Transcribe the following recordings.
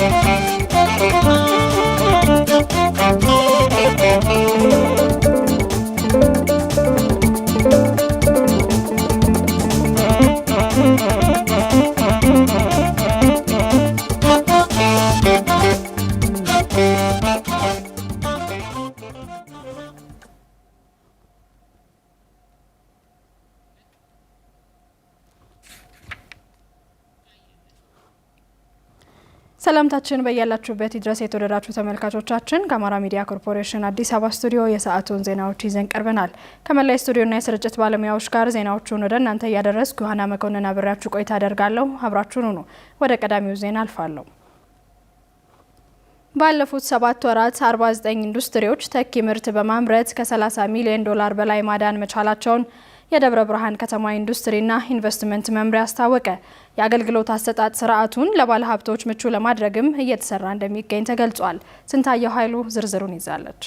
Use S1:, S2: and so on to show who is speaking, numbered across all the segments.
S1: Thank you. ሰላምታችን በያላችሁበት ይድረስ የተወደዳችሁ ተመልካቾቻችን። ከአማራ ሚዲያ ኮርፖሬሽን አዲስ አበባ ስቱዲዮ የሰዓቱን ዜናዎች ይዘን ቀርበናል። ከመላይ ስቱዲዮና የስርጭት ባለሙያዎች ጋር ዜናዎቹን ወደ እናንተ እያደረስኩ ዮሐና መኮንን አብሬያችሁ ቆይታ አደርጋለሁ። አብራችሁን ሁኑ። ወደ ቀዳሚው ዜና አልፋለሁ። ባለፉት ሰባት ወራት 49 ኢንዱስትሪዎች ተኪ ምርት በማምረት ከ30 ሚሊዮን ዶላር በላይ ማዳን መቻላቸውን የደብረ ብርሃን ከተማ ኢንዱስትሪና ኢንቨስትመንት መምሪያ አስታወቀ። የአገልግሎት አሰጣጥ ስርዓቱን ለባለሀብቶች ምቹ ለማድረግም እየተሰራ እንደሚገኝ ተገልጿል። ስንታየው ኃይሉ ዝርዝሩን ይዛለች።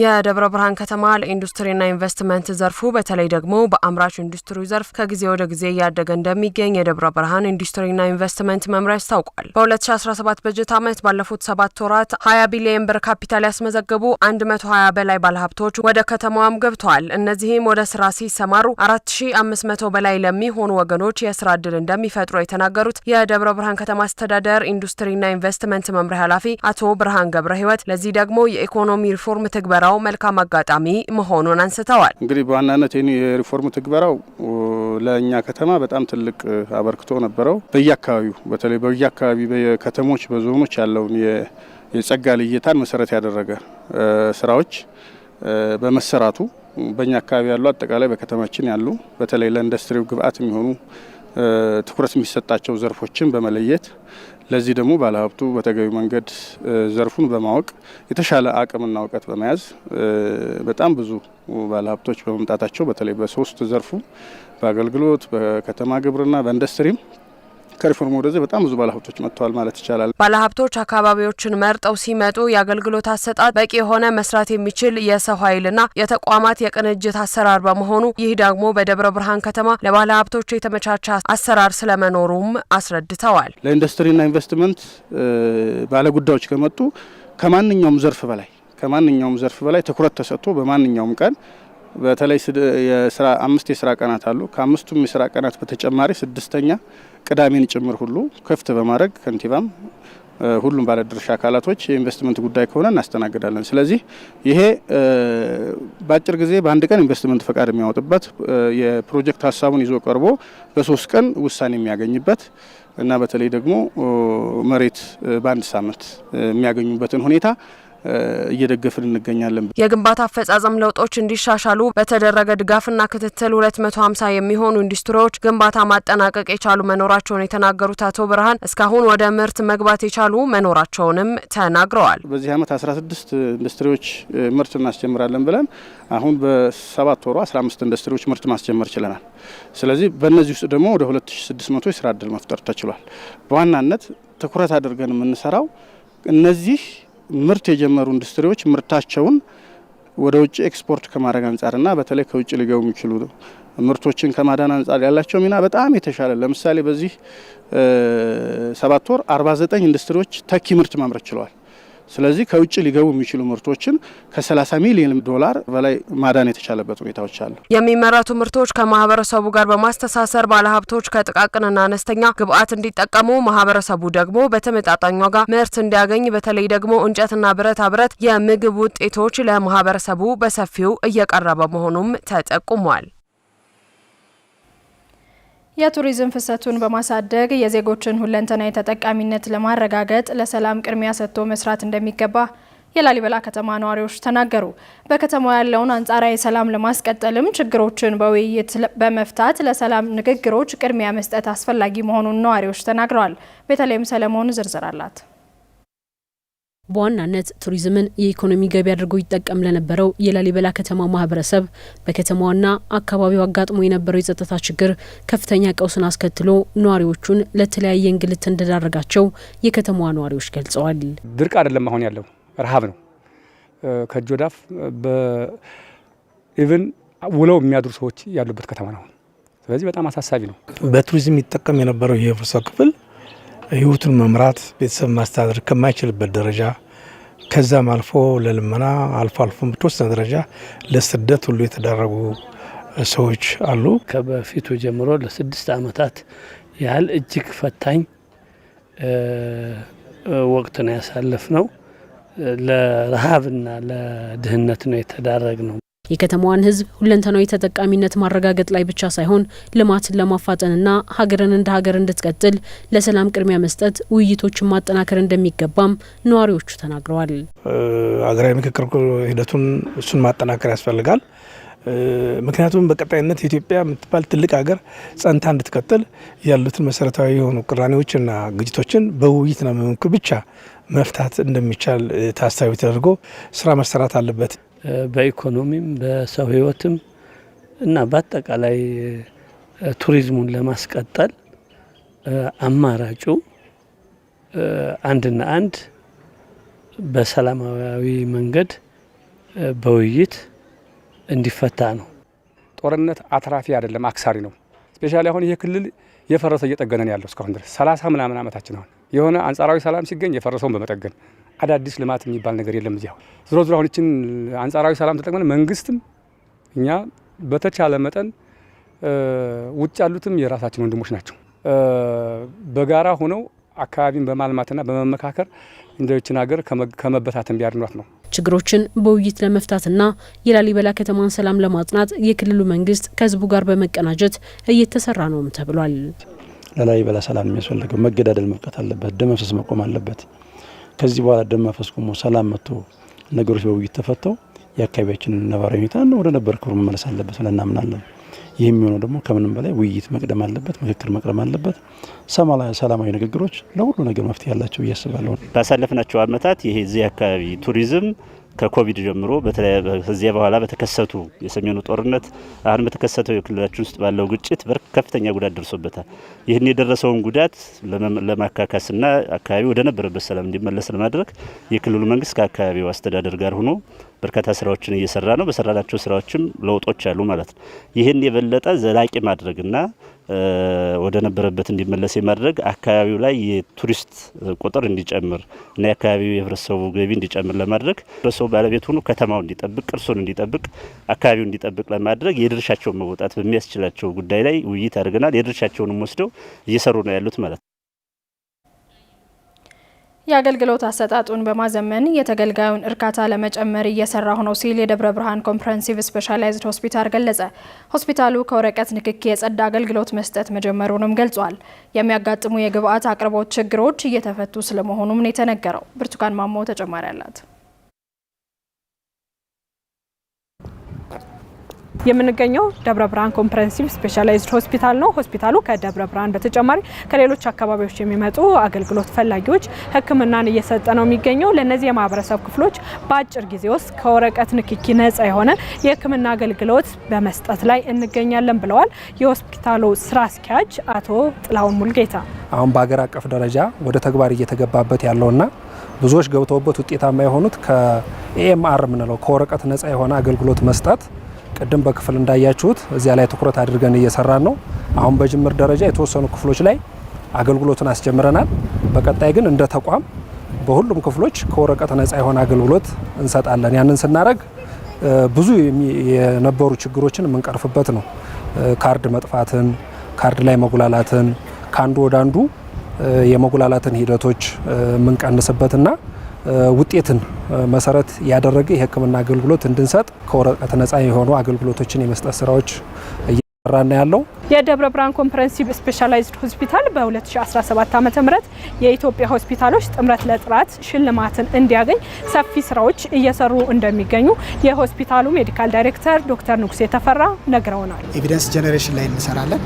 S1: የደብረ ብርሃን ከተማ ለኢንዱስትሪና ኢንቨስትመንት ዘርፉ በተለይ ደግሞ በአምራች ኢንዱስትሪ ዘርፍ ከጊዜ ወደ ጊዜ እያደገ እንደሚገኝ የደብረ ብርሃን ኢንዱስትሪና ኢንቨስትመንት መምሪያ አስታውቋል። በ2017 በጀት ዓመት ባለፉት ሰባት ወራት 20 ቢሊየን ብር ካፒታል ያስመዘገቡ 120 በላይ ባለሀብቶች ወደ ከተማዋም ገብተዋል። እነዚህም ወደ ስራ ሲሰማሩ 4500 በላይ ለሚሆኑ ወገኖች የስራ እድል እንደሚፈጥሩ የተናገሩት የደብረ ብርሃን ከተማ አስተዳደር ኢንዱስትሪና ኢንቨስትመንት መምሪያ ኃላፊ አቶ ብርሃን ገብረ ህይወት ለዚህ ደግሞ የኢኮኖሚ ሪፎርም ትግበራ ትግበራው መልካም አጋጣሚ መሆኑን አንስተዋል።
S2: እንግዲህ በዋናነት የሪፎርም ትግበራው ለእኛ ከተማ በጣም ትልቅ አበርክቶ ነበረው። በየአካባቢው በተለይ በየአካባቢ በከተሞች በዞኖች ያለውን የጸጋ ልየታን መሰረት ያደረገ ስራዎች በመሰራቱ በእኛ አካባቢ ያሉ አጠቃላይ በከተማችን ያሉ በተለይ ለኢንዱስትሪው ግብአት የሚሆኑ ትኩረት የሚሰጣቸው ዘርፎችን በመለየት ለዚህ ደግሞ ባለሀብቱ በተገቢ መንገድ ዘርፉን በማወቅ የተሻለ አቅምና እውቀት በመያዝ በጣም ብዙ ባለሀብቶች በመምጣታቸው በተለይ በሶስት ዘርፉ በአገልግሎት፣ በከተማ ግብርና፣ በኢንዱስትሪም ከሪፎርም ወደዚህ በጣም ብዙ ባለሀብቶች መጥተዋል ማለት ይቻላል።
S1: ባለሀብቶች አካባቢዎችን መርጠው ሲመጡ የአገልግሎት አሰጣጥ በቂ የሆነ መስራት የሚችል የሰው ኃይልና የተቋማት የቅንጅት አሰራር በመሆኑ ይህ ደግሞ በደብረ ብርሃን ከተማ ለባለሀብቶች የተመቻቸ አሰራር ስለመኖሩም አስረድተዋል።
S2: ለኢንዱስትሪና ኢንቨስትመንት ባለጉዳዮች ከመጡ ከማንኛውም ዘርፍ በላይ ከማንኛውም ዘርፍ በላይ ትኩረት ተሰጥቶ በማንኛውም ቀን በተለይ አምስት የስራ ቀናት አሉ። ከአምስቱም የስራ ቀናት በተጨማሪ ስድስተኛ ቅዳሜን ጭምር ሁሉ ክፍት በማድረግ ከንቲባም ሁሉም ባለድርሻ አካላቶች የኢንቨስትመንት ጉዳይ ከሆነ እናስተናግዳለን። ስለዚህ ይሄ በአጭር ጊዜ በአንድ ቀን ኢንቨስትመንት ፈቃድ የሚያወጥበት የፕሮጀክት ሀሳቡን ይዞ ቀርቦ በሶስት ቀን ውሳኔ የሚያገኝበት እና በተለይ ደግሞ መሬት በአንድ ሳምንት የሚያገኙበትን ሁኔታ እየደገፍን እንገኛለን።
S1: የግንባታ አፈጻጸም ለውጦች እንዲሻሻሉ በተደረገ ድጋፍና ክትትል ሁለት መቶ ሀምሳ የሚሆኑ ኢንዱስትሪዎች ግንባታ ማጠናቀቅ የቻሉ መኖራቸውን የተናገሩት አቶ ብርሃን እስካሁን ወደ ምርት መግባት የቻሉ መኖራቸውንም ተናግረዋል።
S2: በዚህ ዓመት አስራ ስድስት ኢንዱስትሪዎች ምርት እናስጀምራለን ብለን አሁን በሰባት ወሩ አስራ አምስት ኢንዱስትሪዎች ምርት ማስጀመር ችለናል። ስለዚህ በእነዚህ ውስጥ ደግሞ ወደ ሁለት ሺ ስድስት መቶ የስራ እድል መፍጠር ተችሏል። በዋናነት ትኩረት አድርገን የምንሰራው እነዚህ ምርት የጀመሩ ኢንዱስትሪዎች ምርታቸውን ወደ ውጭ ኤክስፖርት ከማድረግ አንጻርና በተለይ ከውጭ ሊገቡ የሚችሉ ምርቶችን ከማዳን አንጻር ያላቸው ሚና በጣም የተሻለ። ለምሳሌ በዚህ ሰባት ወር 49 ኢንዱስትሪዎች ተኪ ምርት ማምረት ችለዋል። ስለዚህ ከውጭ ሊገቡ የሚችሉ ምርቶችን ከ30 ሚሊዮን ዶላር በላይ ማዳን የተቻለበት ሁኔታዎች አሉ።
S1: የሚመረቱ ምርቶች ከማህበረሰቡ ጋር በማስተሳሰር ባለሀብቶች ከጥቃቅንና አነስተኛ ግብአት እንዲጠቀሙ፣ ማህበረሰቡ ደግሞ በተመጣጣኝ ዋጋ ምርት እንዲያገኝ፣ በተለይ ደግሞ እንጨትና ብረታ ብረት የምግብ ውጤቶች ለማህበረሰቡ በሰፊው እየቀረበ መሆኑም ተጠቁሟል። የቱሪዝም ፍሰቱን በማሳደግ የዜጎችን ሁለንተናዊ ተጠቃሚነት ለማረጋገጥ ለሰላም ቅድሚያ ሰጥቶ መስራት እንደሚገባ የላሊበላ ከተማ ነዋሪዎች ተናገሩ። በከተማው ያለውን አንጻራዊ ሰላም ለማስቀጠልም ችግሮችን በውይይት በመፍታት ለሰላም ንግግሮች ቅድሚያ መስጠት አስፈላጊ መሆኑን ነዋሪዎች ተናግረዋል። በተለይም ሰለሞን ዝርዝር አላት። በዋናነት ቱሪዝምን የኢኮኖሚ ገቢ አድርጎ ይጠቀም ለነበረው የላሊበላ ከተማ ማህበረሰብ በከተማዋና አካባቢው አጋጥሞ የነበረው የጸጥታ ችግር ከፍተኛ ቀውስን አስከትሎ ነዋሪዎቹን ለተለያየ እንግልት እንደዳረጋቸው የከተማዋ ነዋሪዎች ገልጸዋል።
S2: ድርቅ አይደለም አሁን ያለው ረሃብ ነው። ከእጅ ወዳፍ ውለው የሚያድሩ ሰዎች ያሉበት ከተማ ነው። ስለዚህ በጣም አሳሳቢ ነው።
S3: በቱሪዝም ይጠቀም የነበረው የህብረተሰብ ክፍል ህይወቱን መምራት ቤተሰብ ማስተዳደር ከማይችልበት ደረጃ ከዛም አልፎ ለልመና አልፎ አልፎ በተወሰነ ደረጃ ለስደት ሁሉ የተዳረጉ ሰዎች አሉ።
S4: ከበፊቱ ጀምሮ ለስድስት ዓመታት ያህል እጅግ ፈታኝ ወቅት ነው ያሳለፍ ነው። ለረሃብና ለድህነት ነው የተዳረግ ነው።
S1: የከተማዋን ህዝብ ሁለንተናዊ ተጠቃሚነት ማረጋገጥ ላይ ብቻ ሳይሆን ልማትን ለማፋጠንና ሀገርን እንደ ሀገር እንድትቀጥል ለሰላም ቅድሚያ መስጠት፣ ውይይቶችን ማጠናከር እንደሚገባም ነዋሪዎቹ ተናግረዋል።
S2: ሀገራዊ ምክክር ሂደቱን እሱን ማጠናከር ያስፈልጋል። ምክንያቱም በቀጣይነት ኢትዮጵያ የምትባል ትልቅ ሀገር ጸንታ እንድትቀጥል ያሉትን መሰረታዊ የሆኑ ቅራኔዎችና ግጭቶችን በውይይትና መምክር ብቻ መፍታት እንደሚቻል ታሳቢ ተደርጎ ስራ መሰራት አለበት።
S4: በኢኮኖሚም በሰው ህይወትም እና በአጠቃላይ ቱሪዝሙን ለማስቀጠል አማራጩ አንድና አንድ በሰላማዊ መንገድ በውይይት እንዲፈታ ነው።
S2: ጦርነት አትራፊ አይደለም፣ አክሳሪ ነው። ስፔሻሊ አሁን ይሄ ክልል የፈረሰ እየጠገነን ያለው እስካሁን ድረስ ሰላሳ ምናምን ዓመታችን አሁን የሆነ አንጻራዊ ሰላም ሲገኝ የፈረሰውን በመጠገን አዳዲስ ልማት የሚባል ነገር የለም። እዚያ ዝሮ ዝሮ አሁን ይችን አንጻራዊ ሰላም ተጠቅመን መንግስትም እኛ በተቻለ መጠን ውጭ ያሉትም የራሳችን ወንድሞች ናቸው። በጋራ ሆነው አካባቢን በማልማትና በመመካከር እንደችን ሀገር ከመበታተን ቢያድኗት ነው።
S1: ችግሮችን በውይይት ለመፍታትና የላሊበላ ከተማን ሰላም ለማጽናት የክልሉ መንግስት ከህዝቡ ጋር በመቀናጀት እየተሰራ ነውም ተብሏል።
S2: ለላሊበላ ሰላም የሚያስፈልገው መገዳደል መብቃት አለበት። ደመፍሰስ መቆም አለበት። ከዚህ በኋላ ደም ቆሞ ሰላም መጥቶ ነገሮች በውይይት ተፈተው የአካባቢያችንን ነባራዊ ሁኔታ ወደ ነበር ክብሩ መመለስ አለበት ብለን እናምናለን። ይህ የሚሆነው ደግሞ ከምንም በላይ ውይይት መቅደም አለበት፣ ምክክር መቅደም አለበት። ሰላማዊ ንግግሮች ለሁሉ ነገር መፍትሄ ያላቸው እያስባለሁ።
S5: ባሳለፍናቸው ዓመታት ይሄ እዚህ አካባቢ ቱሪዝም ከኮቪድ ጀምሮ ከዚያ በኋላ በተከሰቱ የሰሜኑ ጦርነት አሁን በተከሰተው የክልላችን ውስጥ ባለው ግጭት ከፍተኛ ጉዳት ደርሶበታል። ይህን የደረሰውን ጉዳት ለማካካስና አካባቢ ወደ ነበረበት ሰላም እንዲመለስ ለማድረግ የክልሉ መንግስት ከአካባቢው አስተዳደር ጋር ሆኖ በርካታ ስራዎችን እየሰራ ነው። በሰራናቸው ስራዎችም ለውጦች አሉ ማለት ነው። ይህን የበለጠ ዘላቂ ማድረግና ወደ ነበረበት እንዲመለስ የማድረግ አካባቢው ላይ የቱሪስት ቁጥር እንዲጨምር እና የአካባቢው የህብረተሰቡ ገቢ እንዲጨምር ለማድረግ ህብረተሰቡ ባለቤት ሆኖ ከተማው እንዲጠብቅ፣ ቅርሱን እንዲጠብቅ፣ አካባቢው እንዲጠብቅ ለማድረግ የድርሻቸውን መወጣት በሚያስችላቸው ጉዳይ ላይ ውይይት አድርገናል። የድርሻቸውንም ወስደው እየሰሩ ነው ያሉት ማለት ነው።
S1: የአገልግሎት አሰጣጡን በማዘመን የተገልጋዩን እርካታ ለመጨመር እየሰራሁ ነው ሲል የደብረ ብርሃን ኮምፕረሄንሲቭ ስፔሻላይዝድ ሆስፒታል ገለጸ። ሆስፒታሉ ከወረቀት ንክኪ የጸዳ አገልግሎት መስጠት መጀመሩንም ገልጿል። የሚያጋጥሙ የግብአት አቅርቦት ችግሮች እየተፈቱ ስለመሆኑም ነው የተነገረው። ብርቱካን ማሞ ተጨማሪ አላት። የምንገኘው ደብረ ብርሃን ኮምፕረሄንሲቭ ስፔሻላይዝድ ሆስፒታል ነው። ሆስፒታሉ ከደብረ ብርሃን በተጨማሪ ከሌሎች አካባቢዎች የሚመጡ አገልግሎት ፈላጊዎች ሕክምናን እየሰጠ ነው የሚገኘው። ለእነዚህ የማህበረሰብ ክፍሎች በአጭር ጊዜ ውስጥ ከወረቀት ንክኪ ነጻ የሆነ የሕክምና አገልግሎት በመስጠት ላይ እንገኛለን ብለዋል የሆስፒታሉ ስራ አስኪያጅ አቶ ጥላሁን ሙልጌታ።
S2: አሁን በሀገር አቀፍ ደረጃ ወደ ተግባር እየተገባበት ያለውና ብዙዎች ገብተውበት ውጤታማ የሆኑት ከኤኤምአር የምንለው ከወረቀት ነጻ የሆነ አገልግሎት መስጠት ቅድም በክፍል እንዳያችሁት እዚያ ላይ ትኩረት አድርገን እየሰራን ነው። አሁን በጅምር ደረጃ የተወሰኑ ክፍሎች ላይ አገልግሎትን አስጀምረናል። በቀጣይ ግን እንደ ተቋም በሁሉም ክፍሎች ከወረቀት ነጻ የሆነ አገልግሎት እንሰጣለን። ያንን ስናደርግ ብዙ የነበሩ ችግሮችን የምንቀርፍበት ነው። ካርድ መጥፋትን፣ ካርድ ላይ መጉላላትን፣ ከአንዱ ወደ አንዱ የመጉላላትን ሂደቶች የምንቀንስበትና ውጤትን መሰረት ያደረገ የህክምና አገልግሎት እንድንሰጥ ከወረቀት ነጻ የሆኑ አገልግሎቶችን የመስጠት ስራዎች እየሰራና ያለው
S1: የደብረ ብርሃን ኮምፕረሄንሲቭ ስፔሻላይዝድ ሆስፒታል በ2017 ዓ ም የኢትዮጵያ ሆስፒታሎች ጥምረት ለጥራት ሽልማትን እንዲያገኝ ሰፊ ስራዎች እየሰሩ እንደሚገኙ የሆስፒታሉ ሜዲካል ዳይሬክተር ዶክተር ንጉሴ ተፈራ ነግረውናል።
S6: ኤቪደንስ ጀኔሬሽን ላይ እንሰራለን።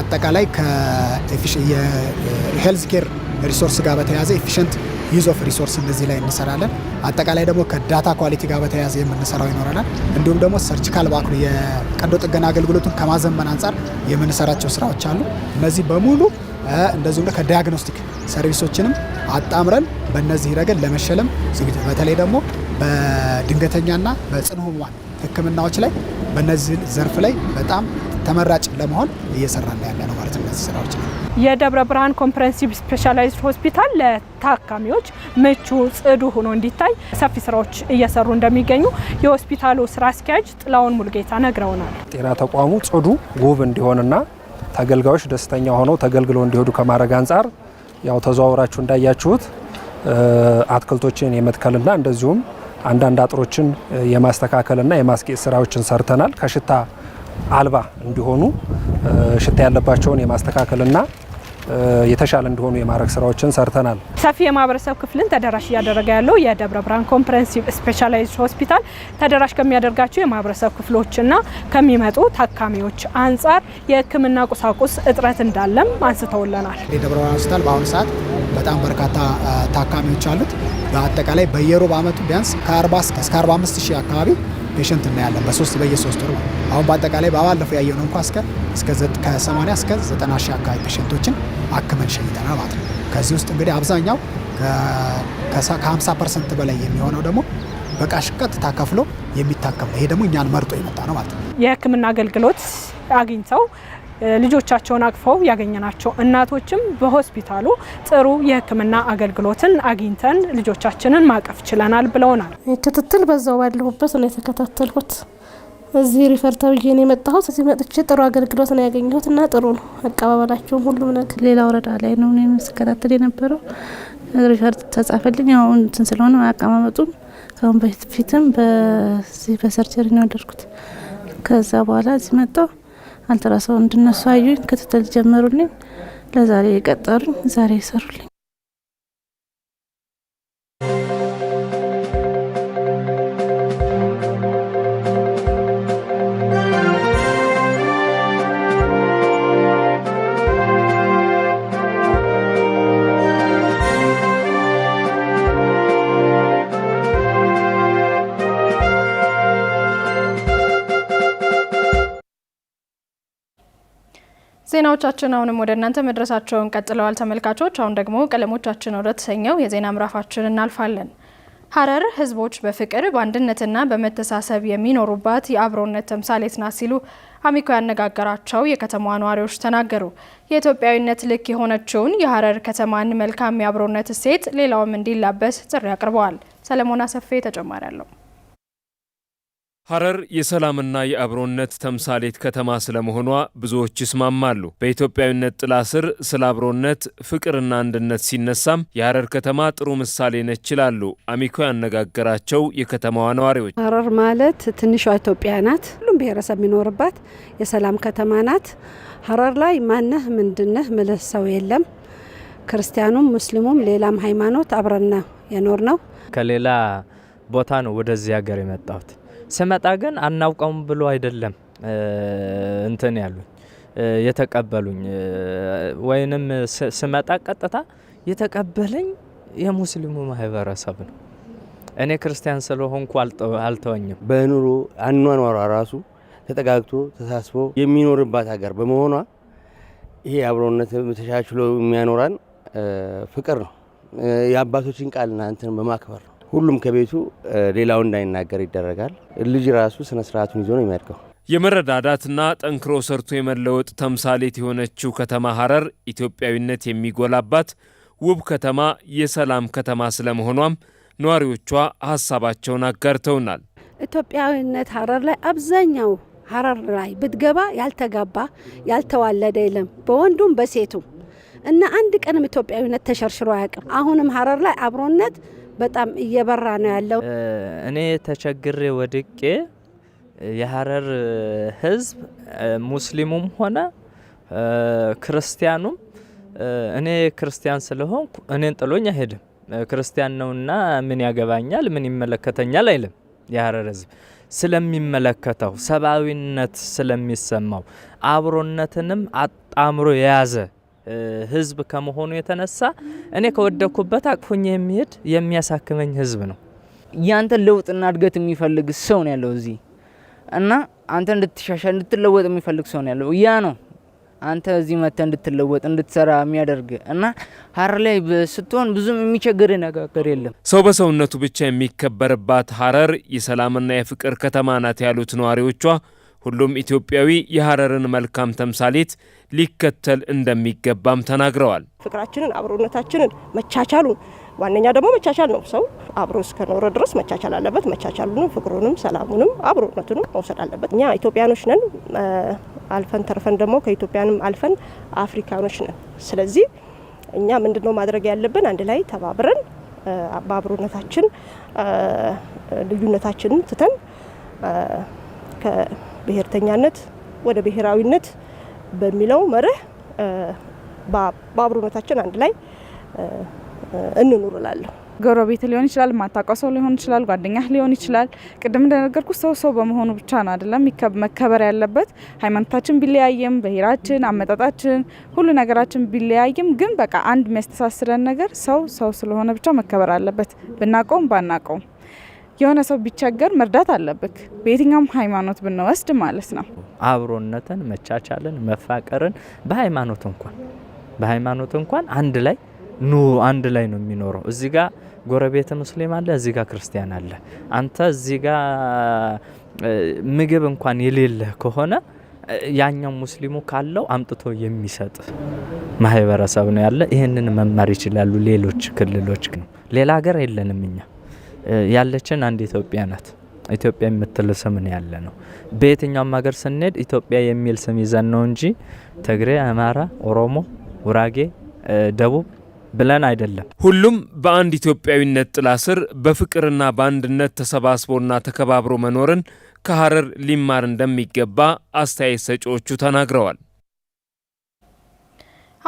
S6: አጠቃላይ ከሄልዝ ኬር ሪሶርስ ጋር በተያያዘ ኤፊሽንት ዩዝ ኦፍ ሪሶርስ እንደዚህ ላይ እንሰራለን። አጠቃላይ ደግሞ ከዳታ ኳሊቲ ጋር በተያያዘ የምንሰራው ይኖረናል። እንዲሁም ደግሞ ሰርጂካል ባክ የቀዶ ጥገና አገልግሎቱን ከማዘመን አንጻር የምንሰራቸው ስራዎች አሉ። እነዚህ በሙሉ እንደዚሁም ከዳያግኖስቲክ ሰርቪሶችንም አጣምረን በእነዚህ ረገድ ለመሸለም ዝግጅ በተለይ ደግሞ በድንገተኛና በጽኑ ህሙማን ህክምናዎች ላይ በነዚህ ዘርፍ ላይ በጣም ተመራጭ ለመሆን እየሰራ ያለ ነው ማለት እነዚህ ስራዎች ነው።
S1: የደብረ ብርሃን ኮምፕረሄንሲቭ ስፔሻላይዝድ ሆስፒታል ለታካሚዎች ምቹ፣ ጽዱ ሆኖ እንዲታይ ሰፊ ስራዎች እየሰሩ እንደሚገኙ የሆስፒታሉ ስራ አስኪያጅ ጥላውን ሙልጌታ ነግረውናል።
S2: ጤና ተቋሙ ጽዱ፣ ውብ እንዲሆንና ተገልጋዮች ደስተኛ ሆነው ተገልግለው እንዲሄዱ ከማድረግ አንጻር ያው ተዘዋውራችሁ እንዳያችሁት አትክልቶችን የመትከልና እንደዚሁም አንዳንድ አጥሮችን የማስተካከልና የማስጌጥ ስራዎችን ሰርተናል። ከሽታ አልባ እንዲሆኑ ሽታ ያለባቸውን የማስተካከልና የተሻለ እንዲሆኑ የማድረግ ስራዎችን ሰርተናል።
S1: ሰፊ የማህበረሰብ ክፍልን ተደራሽ እያደረገ ያለው የደብረ ብርሃን ኮምፕሬሄንሲቭ ስፔሻላይዝድ ሆስፒታል ተደራሽ ከሚያደርጋቸው የማህበረሰብ ክፍሎችና ከሚመጡ ታካሚዎች አንጻር የሕክምና ቁሳቁስ እጥረት እንዳለም አንስተውለናል።
S6: የደብረ ብርሃን ሆስፒታል በአሁኑ ሰዓት በጣም በርካታ ታካሚዎች አሉት። በአጠቃላይ በየሩብ ዓመቱ ቢያንስ ከ40 እስከ 45 ሺህ አካባቢ ፔሸንት እናያለን በሶስት በየሶስት ወሩ አሁን በአጠቃላይ ባባለፈው ያየነው እንኳ እስከ እስከ ከ80 እስከ 90 ሺህ አካባቢ ፔሸንቶችን አክመን ሸኝተናል ማለት ነው። ከዚህ ውስጥ እንግዲህ አብዛኛው ከ50 ፐርሰንት በላይ የሚሆነው ደግሞ በቃሽ ቀጥታ ከፍሎ የሚታከም ነው። ይሄ ደግሞ እኛን መርጦ የመጣ ነው ማለት ነው።
S1: የህክምና አገልግሎት አግኝተው ልጆቻቸውን አቅፈው ያገኘናቸው እናቶችም በሆስፒታሉ ጥሩ የሕክምና አገልግሎትን አግኝተን ልጆቻችንን ማቀፍ ችለናል ብለውናል።
S7: ክትትል በዛው ባለሁበት ነው የተከታተልኩት። እዚህ ሪፈር ተብዬ ነው የመጣሁት። እዚህ መጥቼ ጥሩ አገልግሎት ነው ያገኘሁት እና ጥሩ ነው አቀባበላቸውም፣ ሁሉም ነገር። ሌላ ወረዳ ላይ ነው ስከታተል የነበረው። ሪፈር ተጻፈልኝ አሁን እንትን ስለሆነ አቀማመጡም ከሁን በፊትም በዚህ በሰርጀሪ ነው ያደርኩት። ከዛ በኋላ እዚህ መጣው አልትራሳውንድ እንደነሱ አዩኝ፣ ክትትል ጀመሩልኝ። ለዛሬ የቀጠሩኝ ዛሬ ይሰሩልኝ።
S1: ዜናዎቻችን አሁንም ወደ እናንተ መድረሳቸውን ቀጥለዋል ተመልካቾች። አሁን ደግሞ ቀለሞቻችን ወደ ተሰኘው የዜና ምዕራፋችን እናልፋለን። ሀረር ህዝቦች በፍቅር በአንድነትና በመተሳሰብ የሚኖሩባት የአብሮነት ተምሳሌት ናት ሲሉ አሚኮ ያነጋገራቸው የከተማዋ ነዋሪዎች ተናገሩ። የኢትዮጵያዊነት ልክ የሆነችውን የሀረር ከተማን መልካም የአብሮነት እሴት ሌላውም እንዲላበስ ጥሪ አቅርበዋል። ሰለሞን አሰፌ ተጨማሪ አለው።
S8: ሐረር የሰላምና የአብሮነት ተምሳሌት ከተማ ስለመሆኗ ብዙዎች ይስማማሉ። በኢትዮጵያዊነት ጥላ ስር ስለ አብሮነት ፍቅርና አንድነት ሲነሳም የሐረር ከተማ ጥሩ ምሳሌ ነች ይላሉ አሚኮ ያነጋገራቸው የከተማዋ ነዋሪዎች።
S9: ሐረር ማለት ትንሿ ኢትዮጵያ ናት። ሁሉም ብሔረሰብ የሚኖርባት የሰላም ከተማ ናት። ሐረር ላይ ማነህ ምንድነህ ምልህ ሰው የለም። ክርስቲያኑም፣ ሙስሊሙም ሌላም ሃይማኖት አብረና የኖር ነው።
S10: ከሌላ ቦታ ነው ወደዚህ ሀገር የመጣሁት ስመጣ ግን አናውቀውም ብሎ አይደለም እንትን ያሉኝ የተቀበሉኝ ወይንም ስመጣ ቀጥታ የተቀበለኝ የሙስሊሙ ማህበረሰብ ነው። እኔ ክርስቲያን ስለሆንኩ አልተወኝም።
S11: በኑሮ አኗኗሯ ራሱ ተጠጋግቶ ተሳስቦ የሚኖርባት ሀገር በመሆኗ ይሄ አብሮነት ተሻችሎ የሚያኖራን ፍቅር ነው። የአባቶችን ቃልና እንትን በማክበር ነው። ሁሉም ከቤቱ ሌላው እንዳይናገር ይደረጋል። ልጅ ራሱ ስርዓቱን ይዞ ነው የሚያድገው።
S8: የመረዳዳትና ጠንክሮ ሰርቶ የመለወጥ ተምሳሌት የሆነችው ከተማ ሀረር ኢትዮጵያዊነት የሚጎላባት ውብ ከተማ፣ የሰላም ከተማ ስለመሆኗም ነዋሪዎቿ ሀሳባቸውን አጋርተውናል።
S12: ኢትዮጵያዊነት ሀረር ላይ አብዛኛው ሀረር ላይ ብትገባ ያልተጋባ ያልተዋለደ የለም በወንዱም በሴቱም እና አንድ ቀንም ኢትዮጵያዊነት ተሸርሽሮ አያውቅም። አሁንም ሀረር ላይ አብሮነት በጣም እየበራ ነው ያለው።
S10: እኔ ተቸግሬ ወድቄ የሀረር ህዝብ ሙስሊሙም ሆነ ክርስቲያኑም እኔ ክርስቲያን ስለሆንኩ እኔን ጥሎኝ አይሄድም። ክርስቲያን ነውና ምን ያገባኛል ምን ይመለከተኛል አይልም። የሀረር ህዝብ ስለሚመለከተው ሰብአዊነት ስለሚሰማው አብሮነትንም አጣምሮ የያዘ ህዝብ ከመሆኑ የተነሳ እኔ ከወደኩበት አቅፎኝ የሚሄድ የሚያሳክመኝ ህዝብ ነው።
S13: ያንተን ለውጥና እድገት የሚፈልግ ሰው ነው ያለው እዚህ እና አንተ እንድትሻሻል እንድትለወጥ የሚፈልግ ሰው ነው ያለው። ያ ነው አንተ እዚህ መጥተህ እንድትለወጥ እንድትሰራ የሚያደርግ እና ሀረር ላይ ስትሆን ብዙም የሚቸግር ነገር የለም።
S8: ሰው በሰውነቱ ብቻ የሚከበርባት ሀረር የሰላምና የፍቅር ከተማ ናት ያሉት ነዋሪዎቿ ሁሉም ኢትዮጵያዊ የሐረርን መልካም ተምሳሌት ሊከተል እንደሚገባም ተናግረዋል።
S14: ፍቅራችንን፣ አብሮነታችንን፣ መቻቻሉን ዋነኛ ደግሞ መቻቻል ነው። ሰው አብሮ እስከኖረ ድረስ መቻቻል አለበት። መቻቻሉንም፣ ፍቅሩንም፣ ሰላሙንም አብሮነቱንም መውሰድ አለበት። እኛ ኢትዮጵያኖች ነን። አልፈን ተርፈን ደግሞ ከኢትዮጵያንም አልፈን አፍሪካኖች ነን። ስለዚህ እኛ ምንድነው ማድረግ ያለብን? አንድ ላይ ተባብረን በአብሮነታችን ልዩነታችንን ትተን ብሔርተኛነት ወደ ብሔራዊነት በሚለው መርህ በአብሮነታችን አንድ ላይ እንኑርላለሁ።
S1: ጎረቤት ሊሆን ይችላል፣ ማታውቀው ሰው ሊሆን ይችላል፣ ጓደኛ ሊሆን ይችላል። ቅድም እንደነገርኩ ሰው ሰው በመሆኑ ብቻ ነው አይደለም መከበር ያለበት። ሃይማኖታችን ቢለያየም ብሔራችን፣ አመጣጣችን፣ ሁሉ ነገራችን ቢለያይም ግን በቃ አንድ የሚያስተሳስረን ነገር ሰው ሰው ስለሆነ ብቻ መከበር አለበት ብናውቀውም ባናውቀውም የሆነ ሰው ቢቸገር መርዳት አለብክ፣ በየትኛውም ሃይማኖት ብንወስድ ማለት ነው።
S10: አብሮነትን፣ መቻቻልን፣ መፋቀርን በሃይማኖት እንኳን በሃይማኖት እንኳን አንድ ላይ ኑ አንድ ላይ ነው የሚኖረው። እዚህ ጋ ጎረቤት ሙስሊም አለ፣ እዚህ ጋ ክርስቲያን አለ። አንተ እዚህ ጋ ምግብ እንኳን የሌለህ ከሆነ ያኛው ሙስሊሙ ካለው አምጥቶ የሚሰጥ ማህበረሰብ ነው ያለ። ይህንን መማር ይችላሉ ሌሎች ክልሎች። ሌላ ሀገር የለንም እኛ ያለችን አንድ ኢትዮጵያ ናት። ኢትዮጵያ የምትል ስምን ያለ ነው። በየትኛውም ሀገር ስንሄድ ኢትዮጵያ የሚል ስም ይዘን ነው እንጂ ትግሬ፣ አማራ፣ ኦሮሞ፣ ጉራጌ፣ ደቡብ ብለን አይደለም።
S8: ሁሉም በአንድ ኢትዮጵያዊነት ጥላ ስር በፍቅርና በአንድነት ተሰባስቦና ተከባብሮ መኖርን ከሀረር ሊማር እንደሚገባ አስተያየት ሰጪዎቹ ተናግረዋል።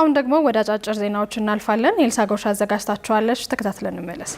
S1: አሁን ደግሞ ወደ አጫጭር ዜናዎች እናልፋለን። ኤልሳ ጎሽ አዘጋጅታችኋለች። ተከታትለን እንመለስ።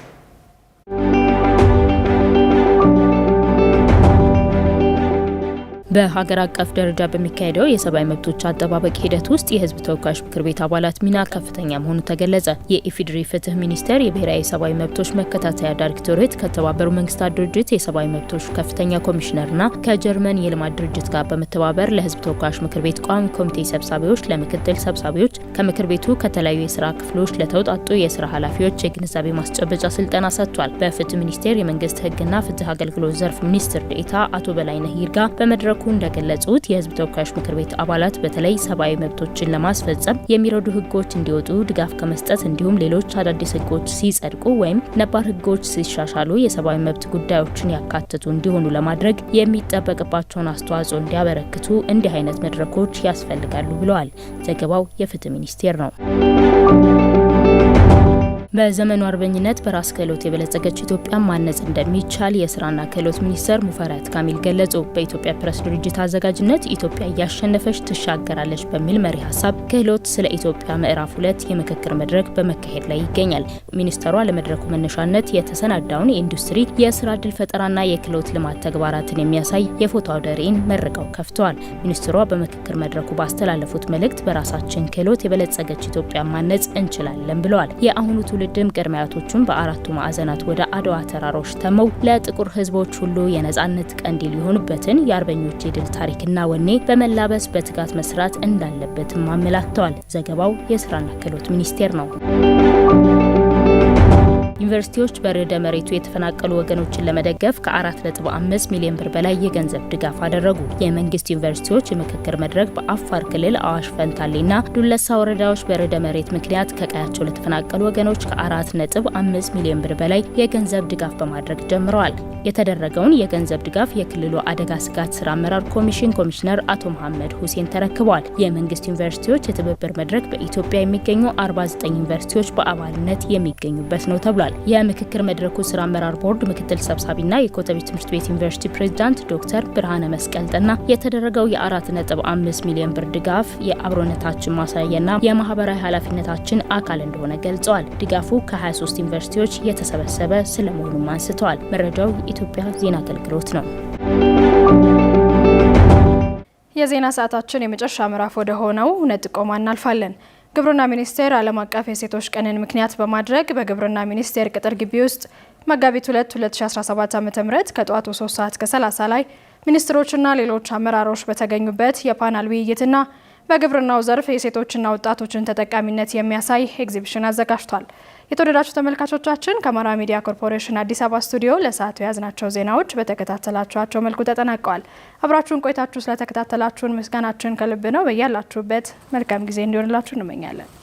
S1: በሀገር አቀፍ ደረጃ በሚካሄደው የሰብአዊ መብቶች አጠባበቅ ሂደት ውስጥ የህዝብ ተወካዮች ምክር ቤት አባላት ሚና ከፍተኛ መሆኑ ተገለጸ። የኢፌዴሪ ፍትህ ሚኒስቴር የብሔራዊ የሰብአዊ መብቶች መከታተያ ዳይሬክቶሬት ከተባበሩ መንግስታት ድርጅት የሰብአዊ መብቶች ከፍተኛ ኮሚሽነርና ከጀርመን የልማት ድርጅት ጋር በመተባበር ለህዝብ ተወካዮች ምክር ቤት ቋሚ ኮሚቴ ሰብሳቢዎች፣ ለምክትል ሰብሳቢዎች፣ ከምክር ቤቱ ከተለያዩ የስራ ክፍሎች ለተውጣጡ የስራ ኃላፊዎች የግንዛቤ ማስጨበጫ ስልጠና ሰጥቷል። በፍትህ ሚኒስቴር የመንግስት ህግና ፍትህ አገልግሎት ዘርፍ ሚኒስትር ዴኤታ አቶ በላይነህ ይርጋ በመድረኩ መላኩ እንደገለጹት የህዝብ ተወካዮች ምክር ቤት አባላት በተለይ ሰብአዊ መብቶችን ለማስፈጸም የሚረዱ ህጎች እንዲወጡ ድጋፍ ከመስጠት እንዲሁም ሌሎች አዳዲስ ህጎች ሲጸድቁ ወይም ነባር ህጎች ሲሻሻሉ የሰብአዊ መብት ጉዳዮችን ያካተቱ እንዲሆኑ ለማድረግ የሚጠበቅባቸውን አስተዋጽኦ እንዲያበረክቱ እንዲህ አይነት መድረኮች ያስፈልጋሉ ብለዋል። ዘገባው የፍትህ ሚኒስቴር ነው። በዘመኑ አርበኝነት በራስ ክህሎት የበለጸገች ኢትዮጵያን ማነጽ እንደሚቻል የስራና ክህሎት ሚኒስትር ሙፈሪያት ካሚል ገለጹ። በኢትዮጵያ ፕሬስ ድርጅት አዘጋጅነት ኢትዮጵያ እያሸነፈች ትሻገራለች በሚል መሪ ሀሳብ ክህሎት ስለ ኢትዮጵያ ምዕራፍ ሁለት የምክክር መድረክ በመካሄድ ላይ ይገኛል። ሚኒስተሯ ለመድረኩ መነሻነት የተሰናዳውን የኢንዱስትሪ የስራ ድል ፈጠራና የክህሎት ልማት ተግባራትን የሚያሳይ የፎቶ አውደ ርዕይን መርቀው ከፍተዋል። ሚኒስትሯ በምክክር መድረኩ ባስተላለፉት መልእክት በራሳችን ክህሎት የበለጸገች ኢትዮጵያ ማነጽ እንችላለን ብለዋል። የአሁኑ ትውልድም ቅድሚያቶቹን በአራቱ ማዕዘናት ወደ አድዋ ተራሮች ተመው ለጥቁር ህዝቦች ሁሉ የነፃነት ቀንዲል የሆኑበትን የአርበኞች የድል ታሪክና ወኔ በመላበስ በትጋት መስራት እንዳለበትም አመላክተዋል። ዘገባው የስራና ክህሎት ሚኒስቴር ነው። ዩኒቨርሲቲዎች በርዕደ መሬቱ የተፈናቀሉ ወገኖችን ለመደገፍ ከ4.5 ሚሊዮን ብር በላይ የገንዘብ ድጋፍ አደረጉ። የመንግስት ዩኒቨርሲቲዎች የምክክር መድረክ በአፋር ክልል አዋሽ ፈንታሌና ዱለሳ ወረዳዎች በርዕደ መሬት ምክንያት ከቀያቸው ለተፈናቀሉ ወገኖች ከ4.5 ሚሊዮን ብር በላይ የገንዘብ ድጋፍ በማድረግ ጀምረዋል። የተደረገውን የገንዘብ ድጋፍ የክልሉ አደጋ ስጋት ስራ አመራር ኮሚሽን ኮሚሽነር አቶ መሐመድ ሁሴን ተረክበዋል። የመንግስት ዩኒቨርሲቲዎች የትብብር መድረክ በኢትዮጵያ የሚገኙ 49 ዩኒቨርሲቲዎች በአባልነት የሚገኙበት ነው ተብሏል። ይገኛል። የምክክር መድረኩ ስራ አመራር ቦርድ ምክትል ሰብሳቢና የኮተቤ ትምህርት ቤት ዩኒቨርሲቲ ፕሬዚዳንት ዶክተር ብርሃነ መስቀል ጠና የተደረገው የ4.5 ሚሊዮን ብር ድጋፍ የአብሮነታችን ማሳያና የማህበራዊ ኃላፊነታችን አካል እንደሆነ ገልጸዋል። ድጋፉ ከ23 ዩኒቨርሲቲዎች የተሰበሰበ ስለመሆኑም አንስተዋል። መረጃው የኢትዮጵያ ዜና አገልግሎት ነው። የዜና ሰዓታችን የመጨረሻ ምዕራፍ ወደ ሆነው ነጥቆማ እናልፋለን። ግብርና ሚኒስቴር ዓለም አቀፍ የሴቶች ቀንን ምክንያት በማድረግ በግብርና ሚኒስቴር ቅጥር ግቢ ውስጥ መጋቢት 2 2017 ዓ ም ከጠዋቱ 3 ሰዓት ከ30 ላይ ሚኒስትሮችና ሌሎች አመራሮች በተገኙበት የፓናል ውይይትና በግብርናው ዘርፍ የሴቶችና ወጣቶችን ተጠቃሚነት የሚያሳይ ኤግዚቢሽን አዘጋጅቷል። የተወደዳችሁ ተመልካቾቻችን ከአማራ ሚዲያ ኮርፖሬሽን አዲስ አበባ ስቱዲዮ ለሰዓቱ የያዝናቸው ዜናዎች በተከታተላችኋቸው መልኩ ተጠናቀዋል። አብራችሁን ቆይታችሁ ስለተከታተላችሁን ምስጋናችን ከልብ ነው። በያላችሁበት መልካም ጊዜ እንዲሆንላችሁ እንመኛለን።